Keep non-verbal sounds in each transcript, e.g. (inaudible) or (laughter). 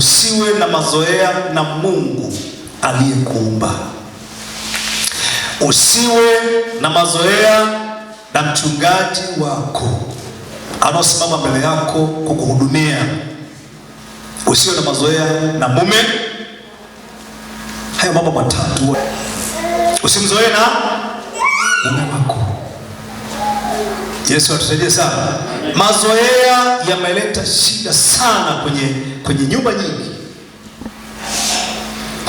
Usiwe na mazoea na Mungu aliyekuumba. Usiwe na mazoea na mchungaji wako anaosimama mbele yako kukuhudumia. Usiwe na mazoea na mume. Hayo mambo matatu usimzoee na Yesu atusaidie sana. Mazoea yameleta shida sana kwenye, kwenye nyumba nyingi.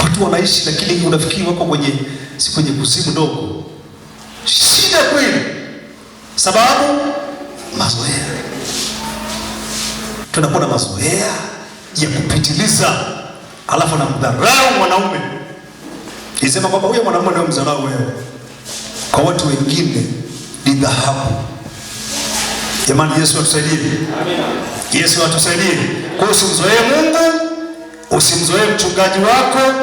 Watu wanaishi lakini unafikiri wako kwenye si kwenye kuzimu ndogo. Shida kweli, sababu mazoea, tunakuwa na mazoea ya kupitiliza, alafu anamdharau mwanaume, isema kwamba huyo mwanaume ndio mdharau wewe, kwa watu wengine ni dhahabu Jamani, Yesu atusaidie. Amina. Yesu atusaidie. Kwa hiyo usimzoee Mungu, usimzoee mchungaji wako,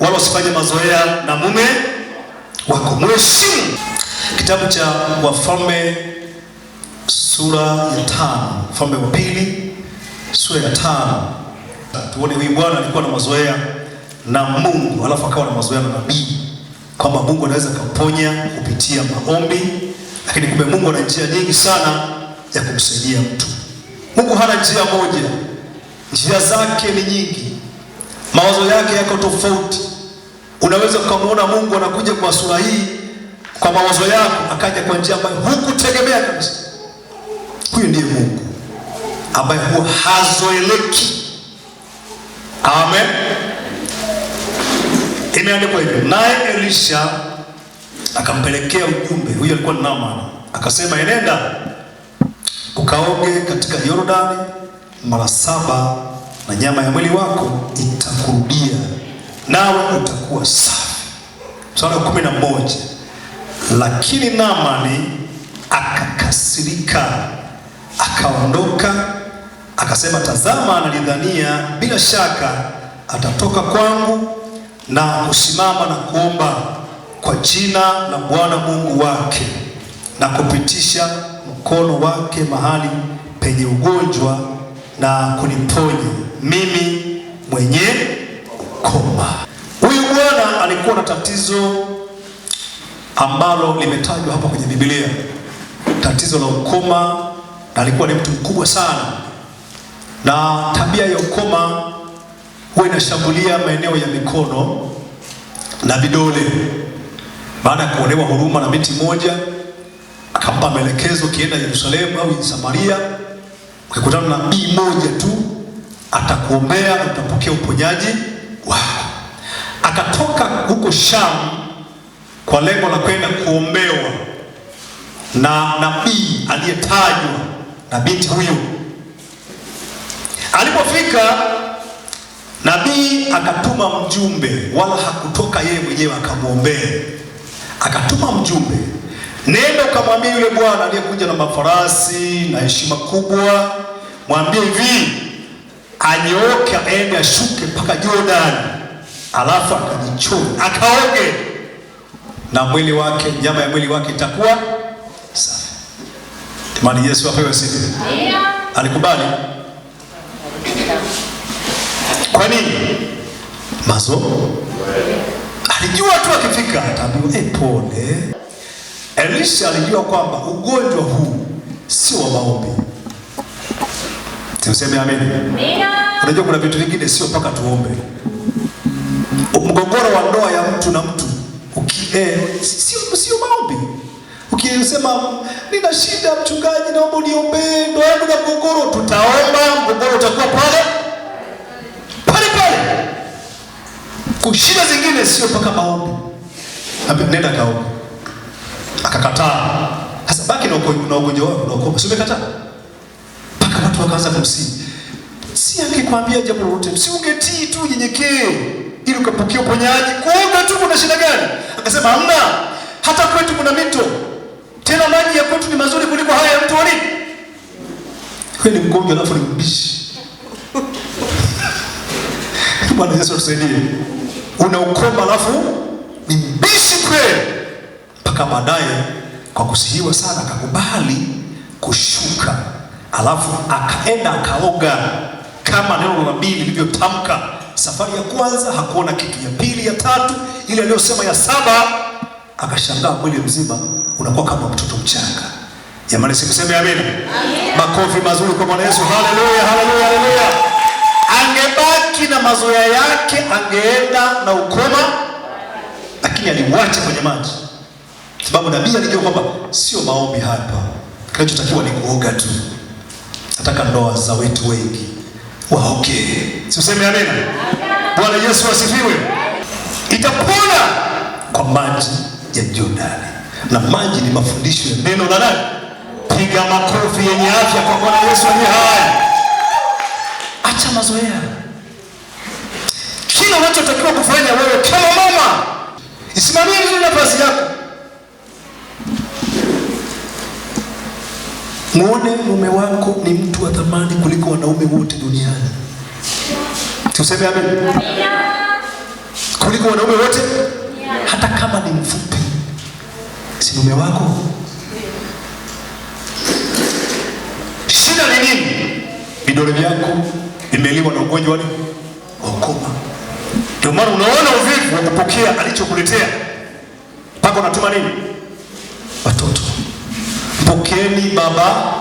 wala usifanye mazoea na mume wako. Mheshimu. Kitabu cha Wafalme sura ya tano, Wafalme wa pili sura ya tano. Tuone huyu bwana alikuwa na mazoea na Mungu, alafu akawa na mazoea na nabii, kwamba Mungu anaweza kuponya kupitia maombi, lakini kumbe Mungu ana njia nyingi sana ya kumsaidia mtu. Mungu hana njia moja, njia zake ni nyingi, mawazo yake yako tofauti. Unaweza ukamwona Mungu anakuja kwa sura hii, kwa mawazo yako, akaja kwa njia ambayo hukutegemea kabisa. Huyu ndiye Mungu ambaye huwa hazoeleki. Amen, imeandikwa hivyo. Naye Elisha akampelekea ujumbe, huyo alikuwa Naamani, akasema enenda ukaoge katika Yordani mara saba, na nyama ya mwili wako itakurudia, nawe utakuwa safi. Mstari wa kumi na moja. Lakini Naamani akakasirika, akaondoka, akasema, tazama, analidhania bila shaka atatoka kwangu na kusimama na kuomba kwa jina la Bwana Mungu wake na kupitisha mkono wake mahali penye ugonjwa na kuniponya mimi mwenye ukoma. Huyu bwana alikuwa na tatizo ambalo limetajwa hapa kwenye Biblia, tatizo la ukoma, na alikuwa ni mtu mkubwa sana, na tabia ya ukoma huwa inashambulia maeneo ya mikono na vidole. Baada ya kuonewa huruma na miti moja akampa maelekezo, ukienda Yerusalemu au Samaria, ukikutana na nabii moja tu atakuombea na utapokea uponyaji wako. Akatoka huko Sham kwa lengo la kwenda kuombewa na nabii aliyetajwa na binti huyo. Alipofika nabii akatuma mjumbe, wala hakutoka yeye mwenyewe akamwombea, akatuma mjumbe Nenda ukamwambia yule bwana aliyekuja na mafarasi na heshima kubwa, mwambie hivi anyooke, aende ashuke mpaka Jordan, alafu akajichoe akaoge, na mwili wake, nyama ya mwili wake itakuwa safi. Tumani Yesu apewe sifa. Alikubali. Kwa nini? Mazo alijua tu akifika ataambiwa, eh, pole Elisha alijua kwamba ugonjwa huu sio wa maombi. Tuseme amen. Unajua kuna vitu vingine sio mpaka tuombe. Mgogoro wa ndoa ya mtu na mtu eh, sio sio maombi. Ukisema nina shida mchungaji, naomba uniombee ndoa yangu na mgogoro, tutaomba, mgogoro utakuwa pale pale pale. Kushida zingine sio mpaka maombi. Nenda kaombe akakataa. Sasa baki na ugonjwa na ugonjwa wako unaokopa, si umekataa? Mpaka watu wakaanza kumsii, si angekwambia jambo lolote, si ungetii tu, nyenyekee ili ukapokea uponyaji. Kuoga tu kuna shida gani? Akasema hamna, hata kwetu kuna mito, tena maji ya kwetu ni mazuri kuliko haya ya mtu wali. Wewe ni mgonjwa alafu ni mbishi. Bwana Yesu atusaidie. Una ukoma alafu ni mbishi kweli mpaka baadaye kwa kusihiwa sana akakubali kushuka, alafu akaenda akaoga kama neno la nabii lilivyotamka. Safari ya kwanza hakuona kitu, ya pili, ya tatu, ile aliyosema ya saba, akashangaa mwili mzima unakuwa kama mtoto mchanga. Jamani, sikuseme amen? Makofi mazuri kwa Bwana Yesu! Haleluya, haleluya, haleluya! Angebaki na mazoea yake, angeenda na ukoma, lakini aliuacha kwenye maji sababu nabii alijua kwamba sio maombi hapa, kinachotakiwa ni kuoga tu. Nataka ndoa za wetu wengi waoke, okay. Siuseme amena. Bwana Yesu asifiwe. Itapona kwa maji ya Jordani, na maji ni mafundisho ya neno la nani? Piga makofi yenye afya kwa Bwana Yesu aliye hai. Acha mazoea. Kila unachotakiwa kufanya wewe kama mama, isimamie vizuri nafasi yako Muone mume wako ni mtu wa thamani kuliko wanaume wote duniani. Tuseme amen. Kuliko wanaume wote hata kama ni mfupi. Si mume wako? Shida ni nini? Vidole vyako vimeliwa na ugonjwa wa ukoma. Ndio maana unaona uvivu wa kupokea alichokuletea. Pako natuma nini? kweli Baba.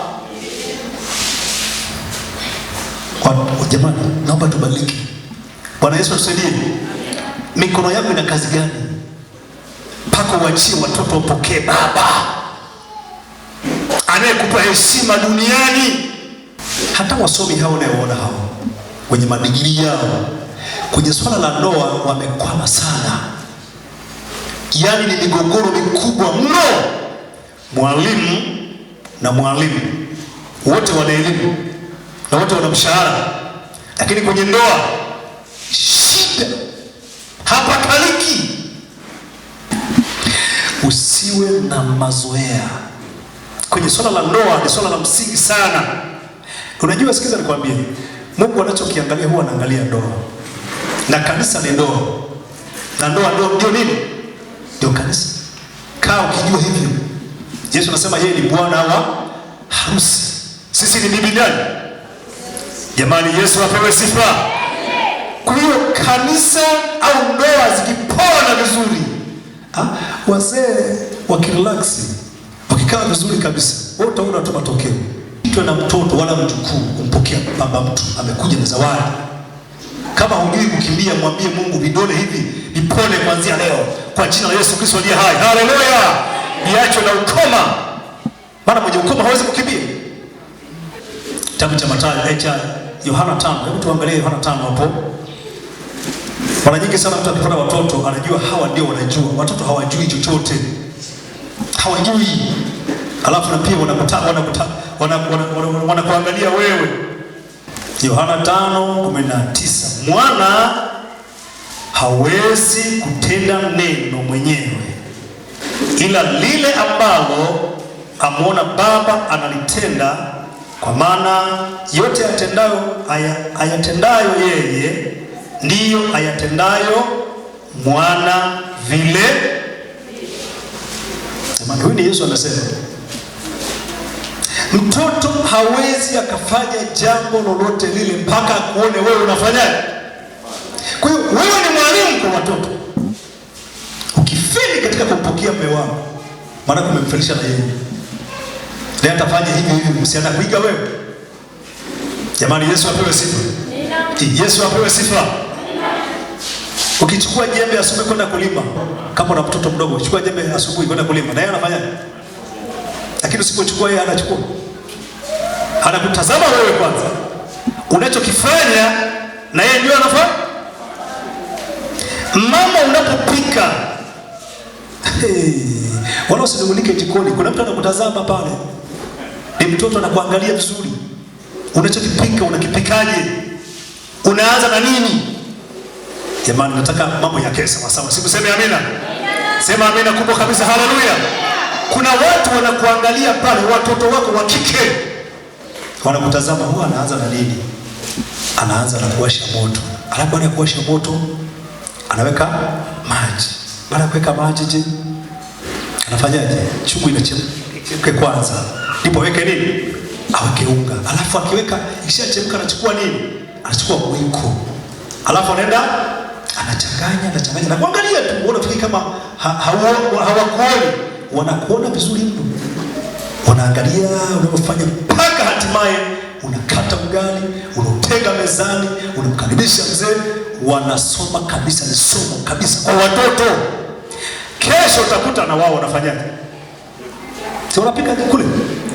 Kwa jamani, naomba tubaliki. Bwana Yesu atusaidie. Mikono yako ina kazi gani? Mpaka uachie watoto wapokee Baba anayekupa heshima duniani. Hata wasomi hao unayoona hao wenye madigiri yao kwenye swala la ndoa wamekwama sana, yaani ni migogoro mikubwa mno. Mwalimu na mwalimu, wote wana elimu na wote wana mshahara, lakini kwenye ndoa shida hapa kaliki. Usiwe na mazoea kwenye swala la ndoa, ni swala la msingi sana. Unajua, sikiza nikwambie, Mungu anachokiangalia huwa anaangalia ndoa, na kanisa ni ndoa, na ndoa ndio ndio nini? Ndio kanisa. Kaa ukijua hivyo Yesu anasema yeye ni bwana wa harusi. Sisi ni bibi nani? Jamani, Yesu apewe sifa. Kwa hiyo kanisa au ndoa zikipona vizuri, ah, wazee wakirelaksi, wakikaa vizuri kabisa, wewe utaona tu matokeo. Mtu na mtoto wala mjukuu kumpokea baba mtu amekuja na zawadi. Kama hujui kukimbia, mwambie Mungu vidole hivi vipone kuanzia leo, kwa jina la Yesu Kristo aliye hai. Haleluya! liacho na ukoma, maana mwenye ukoma hawezi kukimbia. Kitabu cha Mathayo eh, cha Yohana tano, hebu tuangalie Yohana tano hapo. Mara nyingi sana mtu akipata watoto anajua hawa ndio wanajua. Watoto hawajui chochote, hawajui. Alafu na pia wanakutaka wanakutaka wanakuangalia wewe. Yohana tisa mwana hawezi kutenda neno mwenyewe ila lile ambalo amwona Baba analitenda, kwa maana yote yatendayo aya, ayatendayo yeye ndiyo ayatendayo mwana vile. Jamani, huyu ni Yesu anasema mtoto hawezi akafanya jambo lolote lile mpaka akuone wewe unafanyaje. Kwa hiyo wewe ni mwalimu kwa watoto msifeli katika kumpokea mume wangu, maana kumemfelisha na yeye, naye atafanya hivi hivi, msiana kuiga wewe. Jamani, Yesu apewe sifa, Yesu apewe sifa. Ukichukua jembe asubuhi kwenda kulima, kama una mtoto mdogo, chukua jembe asubuhi kwenda kulima, na yeye anafanya, lakini usipochukua yeye anachukua, anakutazama wewe kwanza unachokifanya, na yeye ndio anafanya. Mama, unapopika Hey, wala usinung'unike jikoni. Kuna mtu anakutazama pale, ni mtoto anakuangalia vizuri. Unachokipika unakipikaje? Unaanza na nini? Jamani, nataka mambo kesa sawa sawa, sikuseme amina. Sema amina kubwa kabisa, haleluya. Kuna watu wanakuangalia pale, watoto wako wa kike wanakutazama, huwa anaanza na nini? Anaanza na kuwasha moto, alafu anakuwasha moto anaweka maji baada ya maji je, anafanyaje? Chungu inachemka kwanza, ndipo weke nini, aweke unga, alafu akiweka ikishachemka anachukua nini, anachukua mwiko, alafu anaenda anachanganya, anachanganya na kuangalia tu, unafikiri kama hawakuoni, wanakuona vizuri mno, wanaangalia unavyofanya mpaka hatimaye unakata ugali, unautega mezani, unamkaribisha mzee, wanasoma kabisa, ni somo kabisa kwa watoto kesho utakuta na wao wanafanyaje, si wanapika kule,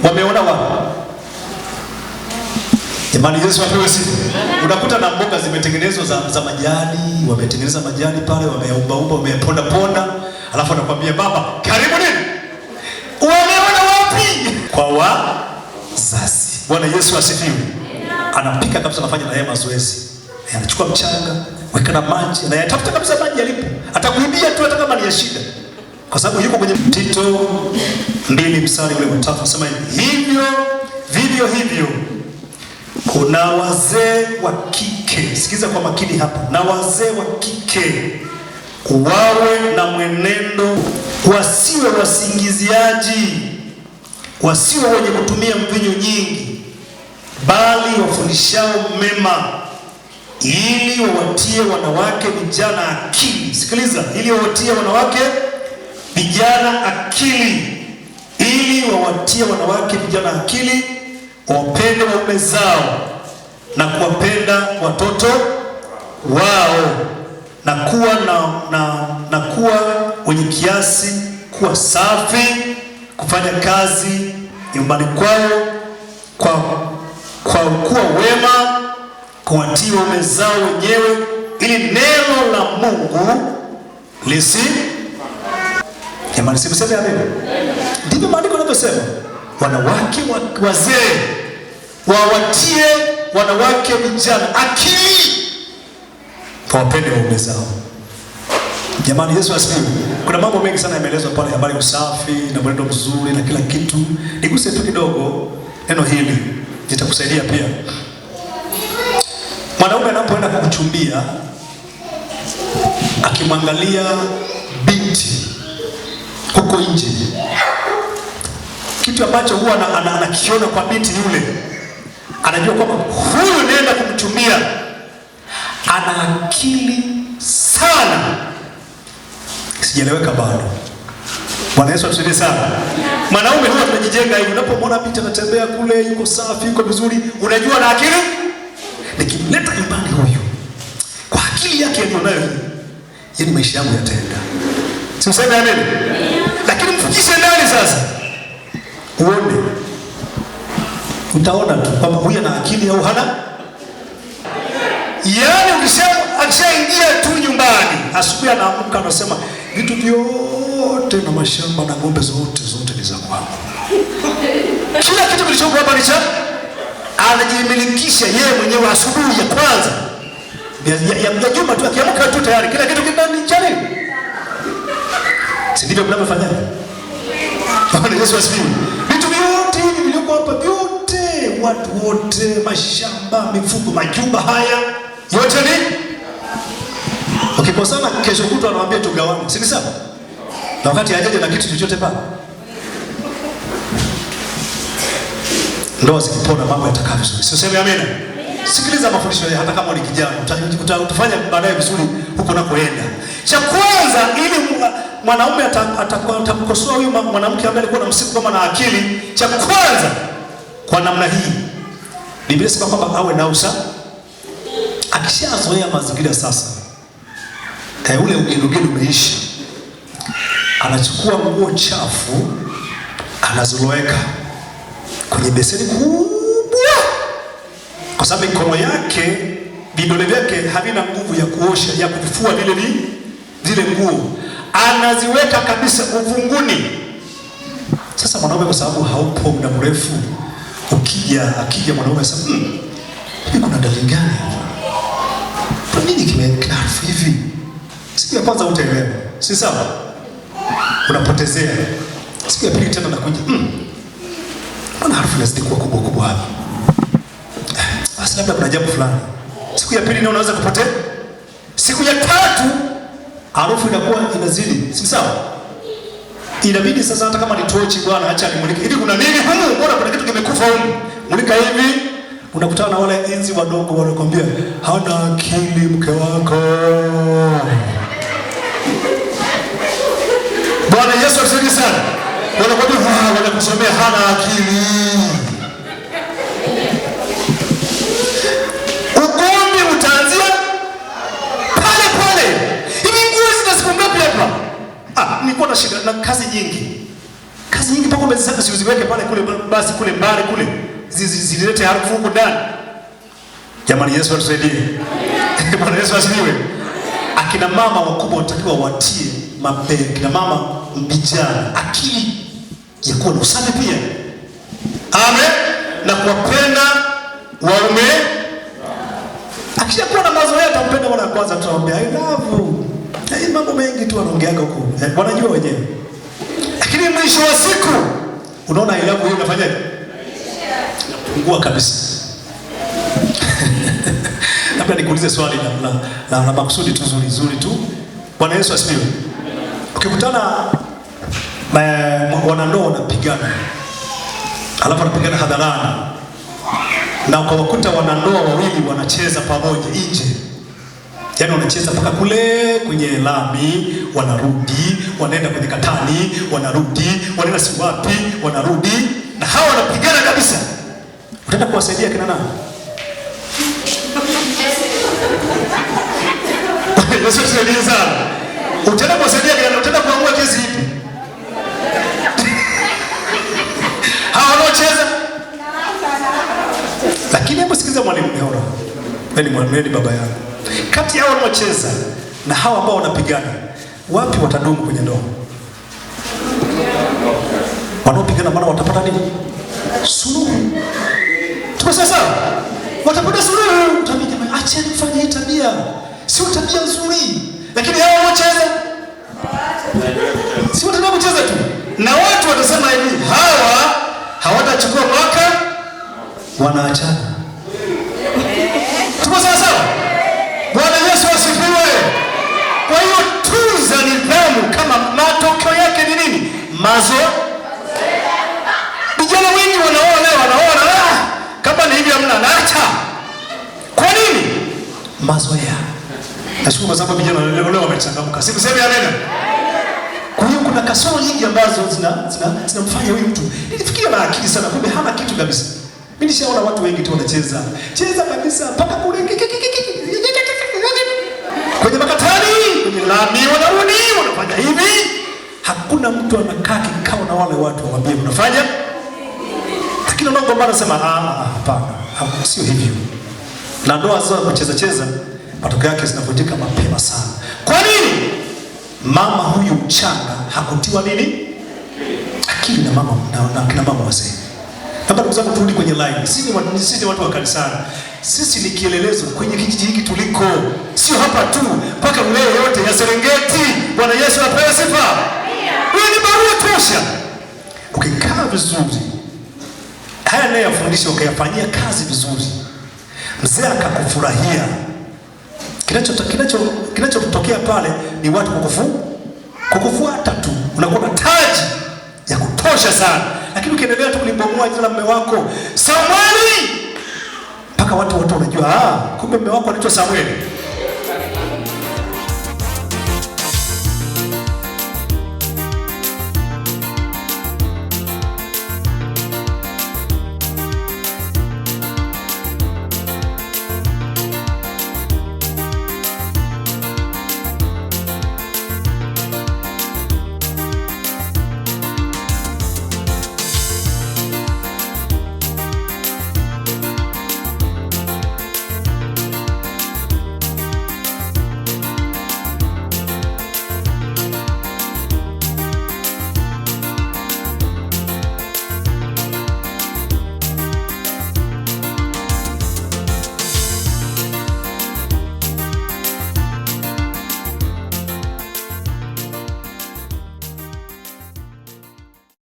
wameona wao. Imani Yesu apewe sifa. Unakuta na mboga zimetengenezwa za, za majani, wametengeneza majani pale, wameumba umba, wameponda ponda, alafu anakuambia baba, karibu nini, wameona wapi? Kwa wazazi. Bwana Yesu asifiwe. Anapika kabisa, anafanya na yeye mazoezi, anachukua mchanga, weka na maji, anayatafuta kabisa maji yalipo, atakuibia tu, hata kama ni ya shida kwa sababu yuko kwenye Tito mbili mstari ule mtatu tatu hivyo vivyo hivyo kuna wazee wa kike, sikiza kwa makini hapa, na wazee wa kike wawe na mwenendo, wasiwe wasingiziaji, wasiwe wenye kutumia mvinyo nyingi, bali wafundishao mema, ili wawatie wanawake vijana akili. Sikiliza, ili wawatie wanawake vijana akili, ili wawatie wanawake vijana akili, wapende waume zao na kuwapenda watoto wao na kuwa na, na, na kuwa wenye kiasi, kuwa safi, kufanya kazi nyumbani kwao kwa, kwa kuwa wema, kuwatii waume zao wenyewe, ili neno la Mungu lisi Jamani, sikuseme amina? Ndivyo maandiko yanavyosema, wanawake wazee wawatie wanawake vijana akili, wawapende waume zao. Jamani, Yesu asifiwe. Kuna mambo mengi sana yameelezwa pale, habari usafi na mwenendo mzuri na kila kitu. Niguse tu kidogo neno hili, litakusaidia pia. Mwanaume anapoenda kukuchumbia, akimwangalia binti huko nje, kitu ambacho huwa anakiona ana, ana, kwa binti yule, anajua kwamba huyu naenda kumtumia, ana akili sana. Sijaeleweka bado? Bwana Yesu atusaidie sana. Mwanaume huyo tunajijenga hivi, unapomwona binti anatembea kule, yuko safi, yuko vizuri, unajua na akili, nikimleta nyumbani huyu kwa akili yake aliyonayo, yani maisha yangu yataenda. Simseme amen. Jifiche ndani sasa, uone, utaona tu kama huyu ana akili au hana. Yaani ukisema akishaingia tu nyumbani, asubuhi anaamka anasema vitu vyote na mashamba na ng'ombe zote zote ni za kwangu, (laughs) kila kitu kilichoko hapa ni cha anajimilikisha yeye mwenyewe. Asubuhi ya kwanza ya juma tu akiamka tu tayari kila kitu kinani cha nini, (laughs) si ndivyo mnavyofanya? Bwana Yesu asifiwe. Vitu vyote hivi vilivyoko hapa vyote, watu wote, mashamba, mifugo, majumba haya yote ni ukikosana, okay, kesho kutwa anawaambia tugawane, si sawa? Na wakati hajaje na kitu chochote pale. Ndoa zikipona mambo yatakaa vizuri. Sio sema amina. Sikiliza mafundisho haya hata kama ni kijana utafanya baadaye vizuri huko unakoenda. Cha kwanza ili mwanaume atamkosoa huyu mwanamke ambaye alikuwa na msiku kama na akili, cha kwanza kwa namna hii, Biblia sema kwamba awe na usa. Akishazoea mazingira sasa, eh, ule ugelugedu umeisha, anachukua nguo chafu anaziloweka kwenye beseni kubwa, kwa sababu mikono yake vidole vyake havina nguvu ya kuosha ya kufua vile vile nguo anaziweka kabisa uvunguni. Sasa mwanaume kwa sababu haupo muda mrefu, ukija akija mwanaume sasa, mmm, kuna dalili gani Kwa nini kimekaa hivi? Siku ya kwanza utaelewa, si sawa, unapotezea. Siku ya pili tena nakuja, mmm, kuna harufu inazidi kuwa kubwa kubwa hapa, ah, basi labda kuna jambo fulani. Siku ya pili ndio unaweza kupotea, siku ya tatu harufu inakuwa inazidi, si sawa? Inabidi sasa, hata kama ni tochi, bwana, acha nimulike hivi, kuna nini huko? Bora kuna kitu kimekufa huko? Mulika hivi, unakutana na wale enzi wadogo wanakuambia hana akili mke wako. Bwana Yesu asifiwe sana. Wanakuambia wanakusomea hana akili nilikuwa na shida na kazi nyingi, kazi nyingi mpaka umezisema ziziweke pale kule basi kule mbali kule zililete harufu huko ndani. Jamani, Yesu atusaidie. (laughs) Bwana Yesu asifiwe. Akina mama wakubwa watakiwa watie mapenzi, akina mama mbijana, akili ya kuwa na usafi pia, amen, na kuwapenda waume. Akishakuwa na mazoea atampenda mara ya kwanza, tutaombea I love you na eh, mambo mengi tu wanaongeaga huko, eh, wanajua wenyewe, lakini mwisho wa siku unaona ilabu hiyo inafanyaje? Inapungua kabisa. (laughs) Labda nikuulize swali la, na, na, na makusudi tu zuri zuri tu. Bwana Yesu asifiwe. Ukikutana eh, wanandoa wanapigana, alafu wanapigana hadharani na ukawakuta wanandoa wawili wanacheza pamoja nje Yaani wanacheza mpaka kule kwenye lami, wanarudi wanaenda kwenye katani, wanarudi wanaenda si wapi, wanarudi na hawa wanapigana kabisa. Utaenda kuwasaidia kina nani? Yesu (laughs) tusaidie sana. Utaenda kuwasaidia kina nani? Utaenda kuamua kesi ipi? (laughs) Hawa wanaocheza. Lakini hebu sikiza mwalimu Nehora. Ni mwalimu ni baba yangu kati yao wanaocheza na hawa ambao wanapigana, wapi watadumu kwenye ndoa? Wanaopigana maana watapata nini? Suluhu. Tumesema sawa? Watapata suluhu. Tabia jamani, acha nifanye hii tabia, sio tabia nzuri, lakini hawa wanaocheza si wataenda kucheza tu, na watu watasema hivi, hawa hawatachukua mwaka, wanaachana mazoea. Vijana wengi wanaoa leo, wanaoa kama ni hivi, hamna naacha. Kwa nini? Mazoea. Nashukuru kwa sababu vijana leo wamechangamka, sikusemi anena. Kwa hiyo kuna kasoro nyingi ambazo zinamfanya huyu mtu, nilifikiria na akili sana, kumbe hana kitu kabisa. Mimi nishaona watu wengi tu wanacheza cheza kabisa mpaka kule kwenye makatani, kwenye lami, wanarudi wanafanya hivi Hakuna mtu anakaa kikao na wale watu waambie mnafanya, lakini unagombana sema ah, ah, ah, hapana, sio hivyo. Na ndoa zao kucheza cheza, matokeo yake zinavunjika mapema sana. Kwa nini? Mama huyu mchanga hakutiwa nini akili na mama na na mama wazee. Hapa ndugu zangu, turudi kwenye line. Sisi ni sisi watu wa kanisani, sisi ni kielelezo kwenye kijiji hiki tuliko, sio hapa tu, mpaka mleo yote ya Serengeti. Bwana Yesu apewe sifa hiyo ni barua tosha. Ukikaa vizuri, haya anayofundisha ukayafanyia kazi vizuri, mzee akakufurahia. Kinachotokea kinacho pale ni watu kukufu kukufuata tu, unakuwa na taji ya kutosha sana, lakini ukiendelea tu kulibomoa jina la mume wako Samweli, mpaka watu wote wanajua, ah, kumbe mume wako anaitwa Samweli.